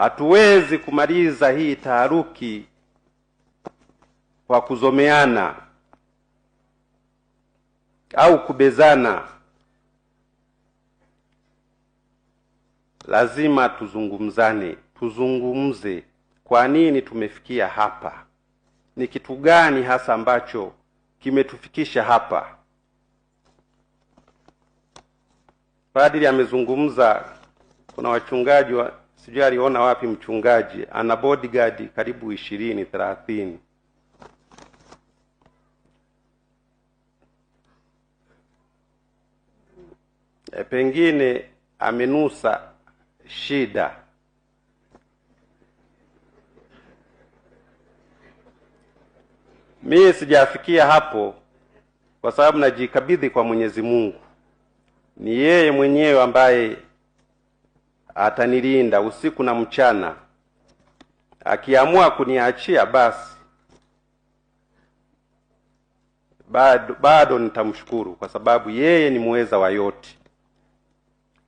Hatuwezi kumaliza hii taharuki kwa kuzomeana au kubezana. Lazima tuzungumzane, tuzungumze kwa nini tumefikia hapa, ni kitu gani hasa ambacho kimetufikisha hapa. Padri amezungumza, kuna wachungaji wa sijui aliona wapi mchungaji ana bodyguard karibu ishirini thelathini e, pengine amenusa shida mimi sijafikia hapo kwa sababu najikabidhi kwa Mwenyezi Mungu. Ni yeye mwenyewe ambaye atanilinda usiku na mchana. Akiamua kuniachia basi bado, bado nitamshukuru kwa sababu yeye ni muweza wa yote.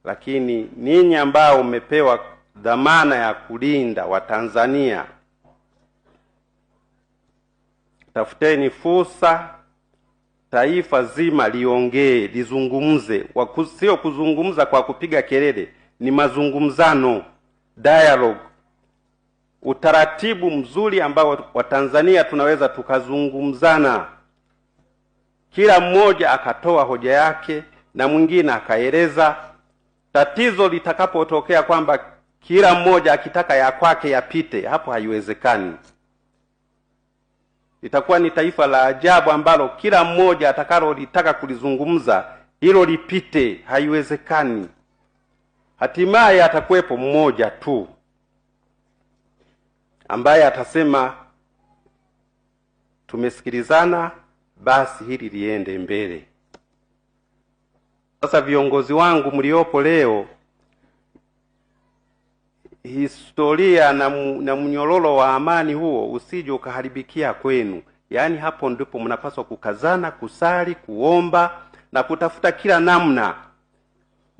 Lakini ninyi ambao mmepewa dhamana ya kulinda Watanzania, tafuteni fursa taifa zima liongee, lizungumze, sio kuzungumza kwa kupiga kelele ni mazungumzano, dialogue, utaratibu mzuri ambao Watanzania tunaweza tukazungumzana, kila mmoja akatoa hoja yake na mwingine akaeleza tatizo. Litakapotokea kwamba kila mmoja akitaka ya kwake yapite, hapo haiwezekani. Litakuwa ni taifa la ajabu ambalo kila mmoja atakalolitaka kulizungumza hilo lipite, haiwezekani. Hatimaye atakuwepo mmoja tu ambaye atasema tumesikilizana, basi hili liende mbele. Sasa viongozi wangu mliopo leo, historia na, na mnyororo wa amani huo usije ukaharibikia kwenu. Yaani hapo ndipo mnapaswa kukazana, kusali, kuomba na kutafuta kila namna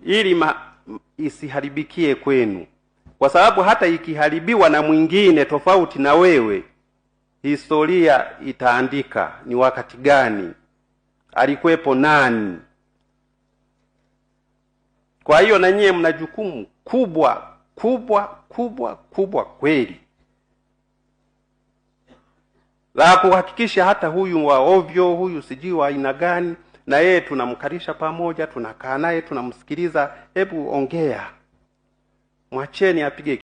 ili ma isiharibikie kwenu, kwa sababu hata ikiharibiwa na mwingine tofauti na wewe, historia itaandika ni wakati gani alikuwepo nani. Kwa hiyo na nyie mna jukumu kubwa kubwa kubwa kubwa kweli la kuhakikisha hata huyu wa ovyo huyu sijui wa aina gani na yeye tunamkalisha pamoja, tunakaa naye, tunamsikiliza. Hebu ongea, mwacheni apige